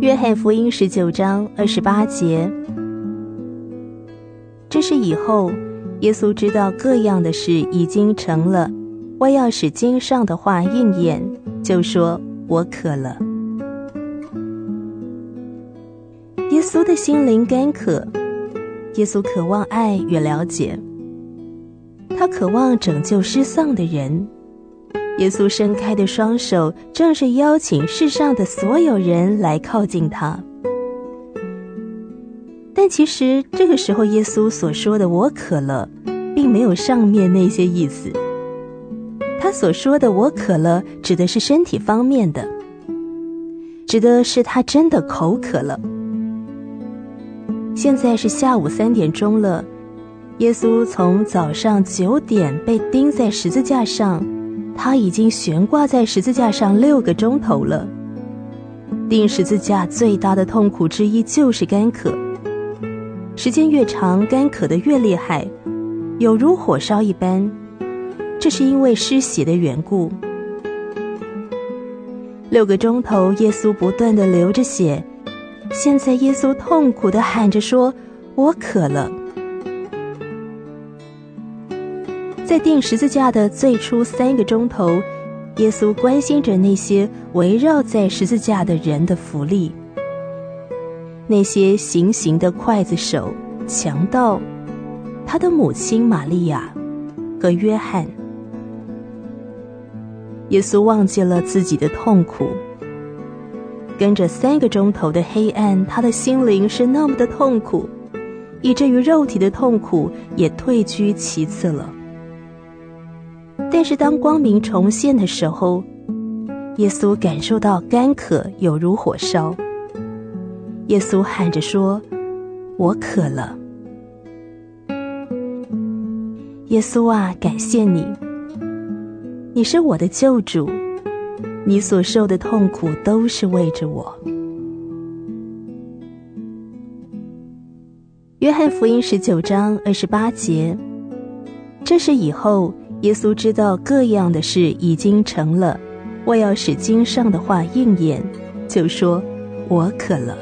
約翰福音十九章二十八節，這是以後，耶穌知道各樣的事已經成了，為要使經上的話應驗，就說：“我渴了。”耶穌的心靈乾渴，耶穌渴望愛與了解，他渴望拯救失喪的人。耶穌伸開的雙手，正是邀請世上的所有人來靠近他。但其實這個時候，耶穌所說的“我渴了”，並沒有上面那些意思。他所說的“我渴了”，指的是身體方面的，指的是他真的口渴了。現在是下午三點鐘了，耶穌從早上九點被釘在十字架上。他已經懸掛在十字架上六個鐘頭了。釘十字架最大的痛苦之一就是乾渴。時間越長，乾渴得越厲害，有如火燒一般。這是因為失血的緣故。六個鐘頭，耶穌不斷地流着血。現在，耶穌痛苦地喊着說：“我渴了。”在釘十字架的最初三個鐘頭，耶穌關心着那些圍繞在十字架的人的福利。那些行刑的劊子手、強盜，他的母親瑪利亞和約翰。耶穌忘記了自己的痛苦，跟着三個鐘頭的黑暗，他的心靈是那麼的痛苦，以至於肉體的痛苦也退居其次了。但是當光明重現的時候，耶穌感受到乾渴有如火燒。耶穌喊着說：“我渴了。”耶穌啊，感謝你，你是我的救主，你所受的痛苦都是為着我。約翰福音十九章二十八節，這事以後。耶穌知道各樣的事已經成了，我要使經上的話應驗，就說：“我渴了。”